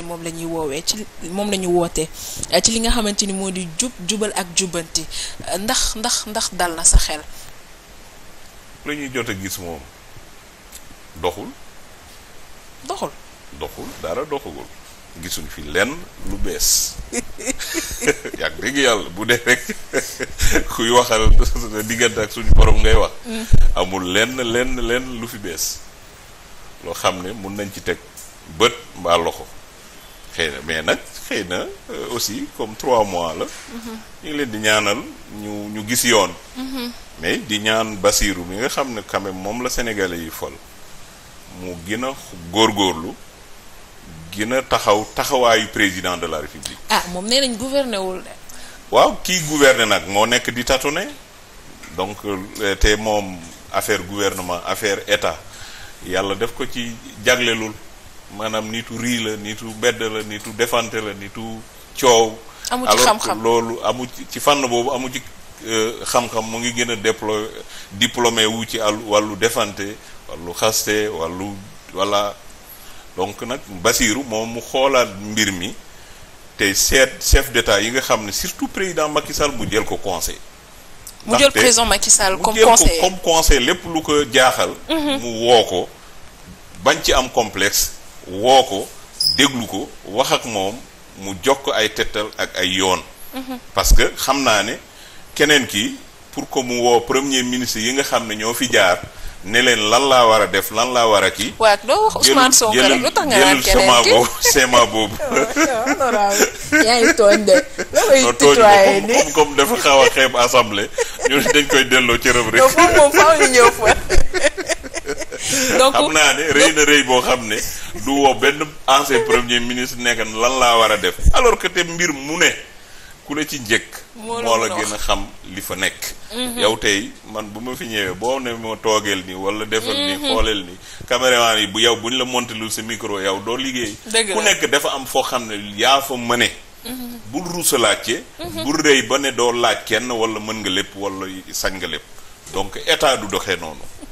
ni moom la ñuy woowee ci moom la woote wootee ci li nga xamante ni moo di jub jubal ak jubanti ndax ndax ndax dal na sa xel. lañuy jot a gis moom doxul. doxul. doxul dara doxagul. gisuñ fi lenn lu bees yàgg dëgg yàlla bu dee rek kuy waxal diggante ak suñu borom ngay wax mm. amul lenn lenn lu fi bees loo xam ne mun nañ ci teg bët mbaa loxo xëy mais nag xëy na euh, aussi comme trois mois la. Mhm. ñu ngi leen di ñaanal ñu ñu gis yoon. Mhm. mais di ñaan Basiru bi nga xam ne quand moom la sénégalais yi fol mu gën a góorgóorlu gën a taxaw taxawaayu président de la république. ah moom nee nañ de. waaw kii gouverner nag moo nekk di ne donc euh, te moom affaire gouvernement affaire état yàlla def ko ci jaglelul. maanaam nitu rii la nitu bedd la nitu defante la nitu coow alors que loolu amu ci fànn boobu amu ci euh, xam-xam mu ngi gën a déplo diplômé wu ci àll wàllu defante wàllu xaste wàllu voilà donc nag Basiru moom mu xoolaat mbir mi te seet chef de d'état yi nga xam ne surtout président Macky Sall mu jël ko conseil mu jël président Macky Sall comme conseil comme lépp lu ko jaaxal mhm. mu woo ko bañ ci am complexe woo ko déglu ko wax ak moom mu jox ko ay tettal ak ay yoon. Mhm. parce que xam naa ne keneen ki pour que mu woo premier ministre yi nga xam ne ñoo fi jaar ne leen lan laa war a def lan laa war a ki sema boobu. yaa ngi tooñ de. loo koy ni comme dafa xaw a xeeb assemblée ñu dañ koy delloo ci rëb rek. donc xam naa ne rëy na rëy boo xam ne du woo benn ancien premier ministre nekk lan laa war a def alors que te mbir mu ne ku la ci njëkk moo la gën a xam li fa nekk mhm. yow tey man bu ma fi ñëwee boo ne ma toogeel nii wala defal nii mhm. xooleel nii caméraman yi bu yow bu ñu la montelul si micro yow doo liggéey ku nekk dafa am foo xam ne yaa fa mëne mhm. bul ruusa laajte bul rëy ba ne doo laaj kenn wala mën nga lépp walla sañ nga lépp donc état du doxee noonu